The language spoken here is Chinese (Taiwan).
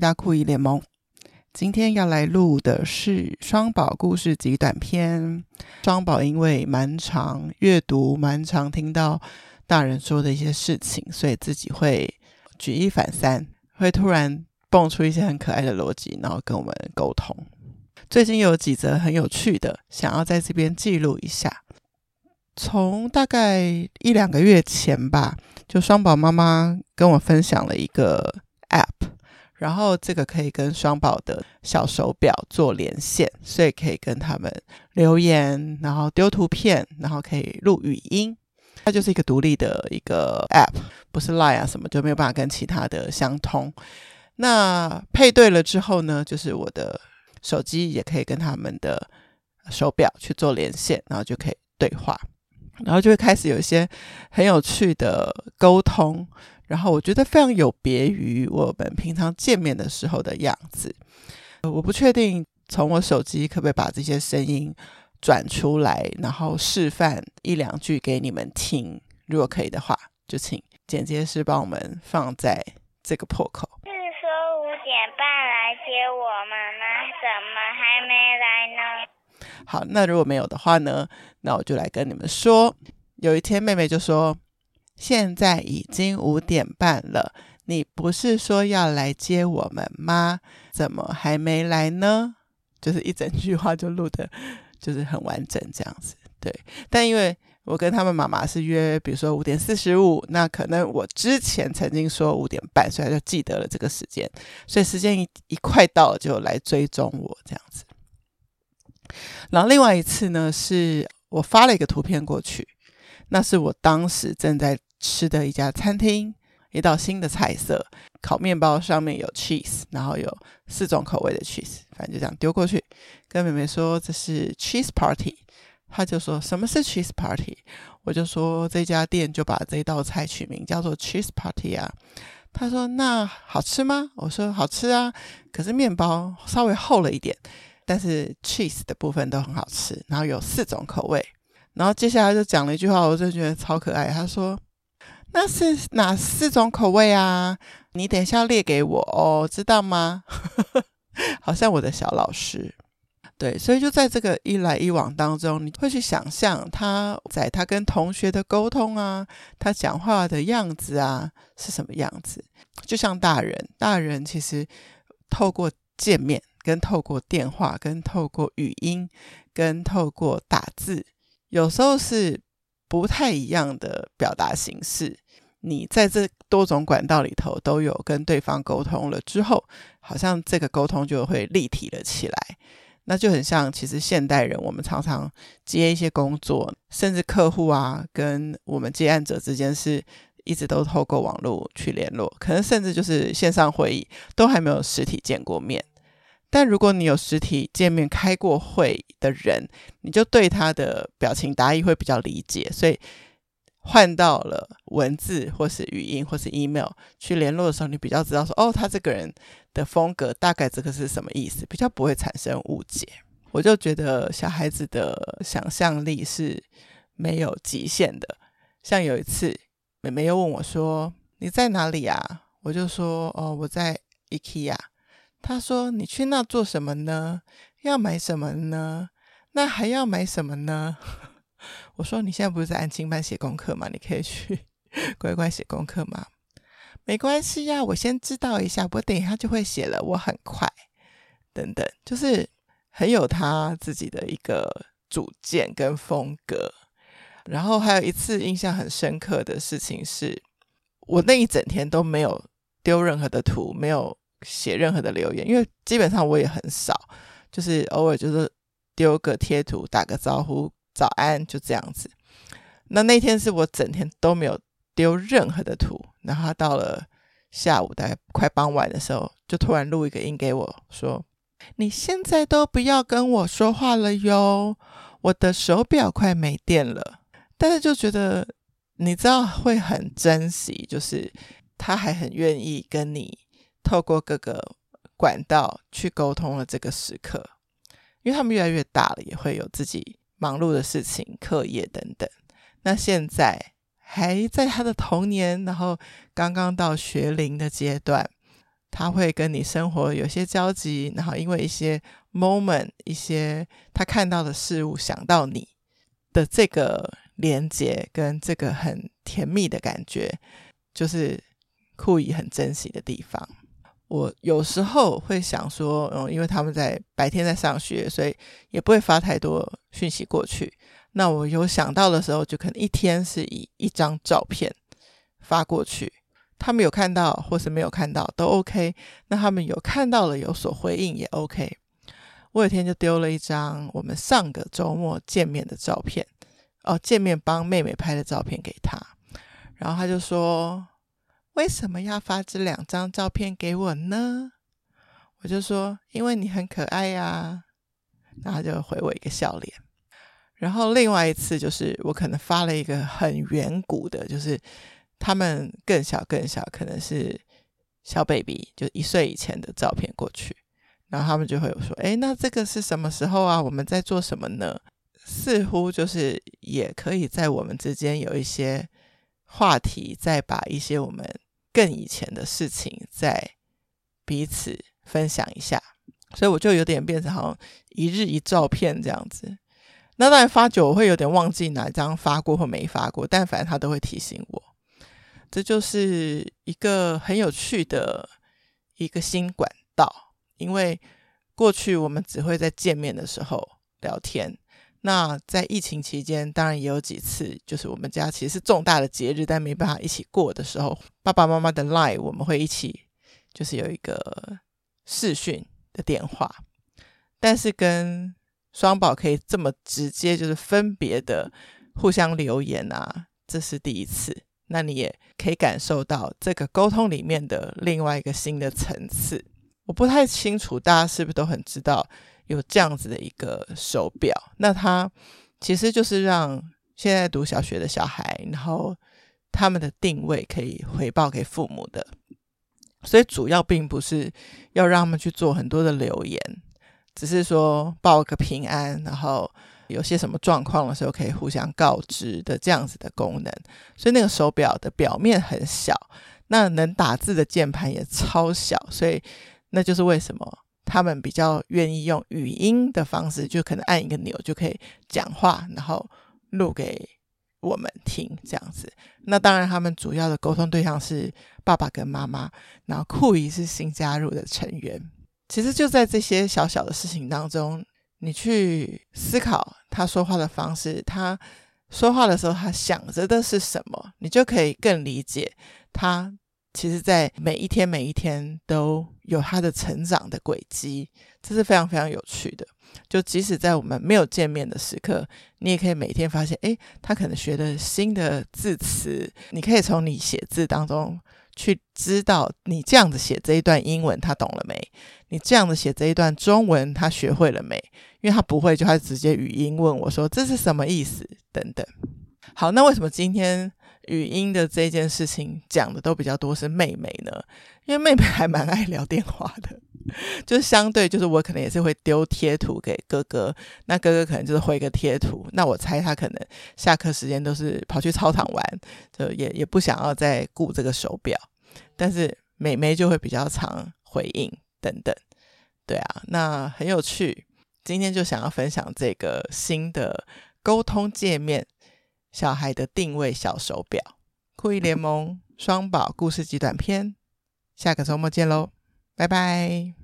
大酷儀聯盟今天要來錄的是雙寶故事極短篇。雙寶因為蠻常閱讀，蠻常聽到大人說的一些事情，所以自己會舉一反三，會突然蹦出一些很可愛的邏輯，然後跟我們溝通。最近有幾則很有趣的，想要在這邊記錄一下。從大概一兩個月前吧，就雙寶媽媽跟我分享了一個 App。然後這個可以跟雙寶的小手表做連線，所以可以跟他們留言，然後丟圖片，然後可以錄語音。它就是一個獨立的一個 App，不是 Line 啊什麼，就沒有辦法跟其他的相通。那配對了之後呢，就是我的手機也可以跟他們的手錶去做連線，然後就可以對話，然後就會開始有一些很有趣的溝通。然後我覺得非常有別於我們平常見面的時候的樣子，呃，我不確定從我手機可不可以把這些聲音轉出來，然後示範一兩句給你們聽。如果可以的話，就請剪接師幫我們放在這個破口。是說五點半來接我嗎？媽媽怎麼還沒來呢？好，那如果沒有的話呢？那我就來跟你們說，有一天妹妹就說。現在已經五點半了，你不是說要來接我們嗎？怎麼還沒來呢？就是一整句話就錄的，就是很完整這樣子。對，但因為我跟他們媽媽是約，比如說五點四十五，那可能我之前曾經說五點半，所以他就記得了這個時間，所以時間一一快到了就來追蹤我這樣子。然後另外一次呢，是我發了一個圖片過去，那是我當時正在。吃的一家餐廳，一道新的菜色，烤麵包上面有 cheese，然後有四種口味的 cheese，反正就這樣丟過去，跟妹妹說這是 cheese party，她就說什麼是 cheese party，我就說這家店就把這道菜取名叫做 cheese party 啊，她說那好吃嗎？我說好吃啊，可是麵包稍微厚了一點，但是 cheese 的部分都很好吃，然後有四種口味，然後接下來就講了一句話，我就覺得超可愛，他說。那是哪四種口味啊？你等一下列給我哦，知道嗎？ 好像我的小老師。對，所以就在這個一來一往當中，你會去想象他在他跟同學的溝通啊，他講話的樣子啊是什麼樣子？就像大人，大人其實透過見面，跟透過電話，跟透過語音，跟透過打字，有時候是。不太一樣的表達形式，你在這多種管道裡頭都有跟對方溝通了之後，好像這個溝通就會立體了起來。那就很像，其實現代人我們常常接一些工作，甚至客戶啊跟我們接案者之間是一直都透過網絡去聯絡，可能甚至就是線上會議都還沒有實體見過面。但如果你有實體見面開過會的人，你就對他的表情、答疑，會比較理解。所以換到了文字或是語音或是 email 去聯絡的時候，你比較知道說，哦，他這個人的風格大概這個是什麼意思，比較不會產生誤解。我就覺得小孩子的想象力是沒有極限的。像有一次，妹妹又問我說：“你在哪裡呀？”我就說：“哦，我在 IKEA。”他說：“你去那做什麼呢？要買什麼呢？那還要買什麼呢？”我說：“你現在不是在安親班寫功課嗎？你可以去乖乖寫功課嗎？沒關係呀、啊，我先知道一下，我等一下就會寫了，我很快。”等等，就是很有他自己的一個主見跟風格。然後還有一次印象很深刻的事情是，我那一整天都沒有丟任何的圖，沒有。寫任何的留言，因為基本上我也很少，就是偶爾就是丟個貼圖、打個招呼、早安就這樣子。那那天是我整天都沒有丟任何的圖，然後他到了下午大概快傍晚的時候，就突然錄一個音給我，說：“你現在都不要跟我說話了喲，我的手錶快沒電了。”但是就覺得你知道會很珍惜，就是他還很願意跟你。透過各個管道，去溝通了這個時刻，因為他們越來越大了，也會有自己忙碌的事情、課業等等。那現在還在他的童年，然後剛剛到學齡的階段，他會跟你生活有些交集，然後因為一些 moment，一些他看到的事物想到你的這個連接跟這個很甜蜜的感覺，就是酷伊很珍惜的地方。我有時候會想說，嗯，因為他們在白天在上學，所以也不會發太多訊息過去。那我有想到的時候，就可能一天是以一張照片發過去。他們有看到或是沒有看到都 OK。那他們有看到了有所回應也 OK。我有一天就丟了一張我們上個周末見面的照片，哦，見面幫妹妹拍的照片給他，然後他就說。為什麼要發這兩張照片給我呢？我就說因為你很可愛呀，然後就回我一個笑臉。然後另外一次就是我可能發了一個很遠古的，就是他們更小更小，可能是小 baby，就一歲以前的照片過去，然後他們就會說：“哎，那這個是什麼時候啊？我們在做什麼呢？”似乎就是也可以在我們之間有一些。話題，再把一些我們更以前的事情再彼此分享一下，所以我就有點變成好像一日一照片這樣子。那當然發久，我會有點忘記哪一張發過或沒發過，但反正他都會提醒我。這就是一個很有趣的一個新管道，因為過去我們只會在見面的時候聊天。那在疫情期間，當然也有幾次，就是我們家其實是重大的節日，但沒辦法一起過的時候，爸爸媽媽的 Line 我們會一起，就是有一個視訊的電話，但是跟雙寶可以這麼直接，就是分別的互相留言啊，這是第一次。那你也可以感受到這個溝通裡面的另外一個新的層次。我不太清楚大家是不是都很知道，有這樣子的一個手表，那它其實就是讓現在讀小學的小孩，然後他們的定位可以回報給父母的，所以主要並不是要讓他們去做很多的留言，只是說報個平安，然後有些什麼狀況的時候可以互相告知的這樣子的功能。所以那個手表的表面很小，那能打字的鍵盤也超小，所以那就是為什麼。他們比較願意用語音的方式，就可能按一個鈕就可以講話，然後錄給我們聽這樣子。那當然，他們主要的溝通對象是爸爸跟媽媽，然後酷姨是新加入的成員。其實就在這些小小的事情當中，你去思考他說話的方式，他說話的時候他想着的是什麼，你就可以更理解他。其實，在每一天每一天都有他的成長的軌跡，這是非常非常有趣的。就即使在我們沒有見面的時刻，你也可以每天發現，誒，他可能學的新的字詞，你可以從你寫字當中去知道，你這樣子寫這一段英文，他懂了沒？你這樣子寫這一段中文，他學會了沒？因為他不會，就他直接語音問我說：“這是什麼意思？”等等。好，那為什麼今天？語音的這件事情講的都比較多是妹妹呢，因為妹妹還蠻愛聊電話的，就是相對就是我可能也是會丟貼圖給哥哥，那哥哥可能就是回個貼圖，那我猜他可能下課時間都是跑去操場玩，就也也不想要再顧這個手表，但是妹妹就會比較常回應等等，對啊，那很有趣，今天就想要分享這個新的溝通界面。小孩的定位小手錶，酷藝聯盟雙寶故事極短篇，下個周末見嘍，拜拜。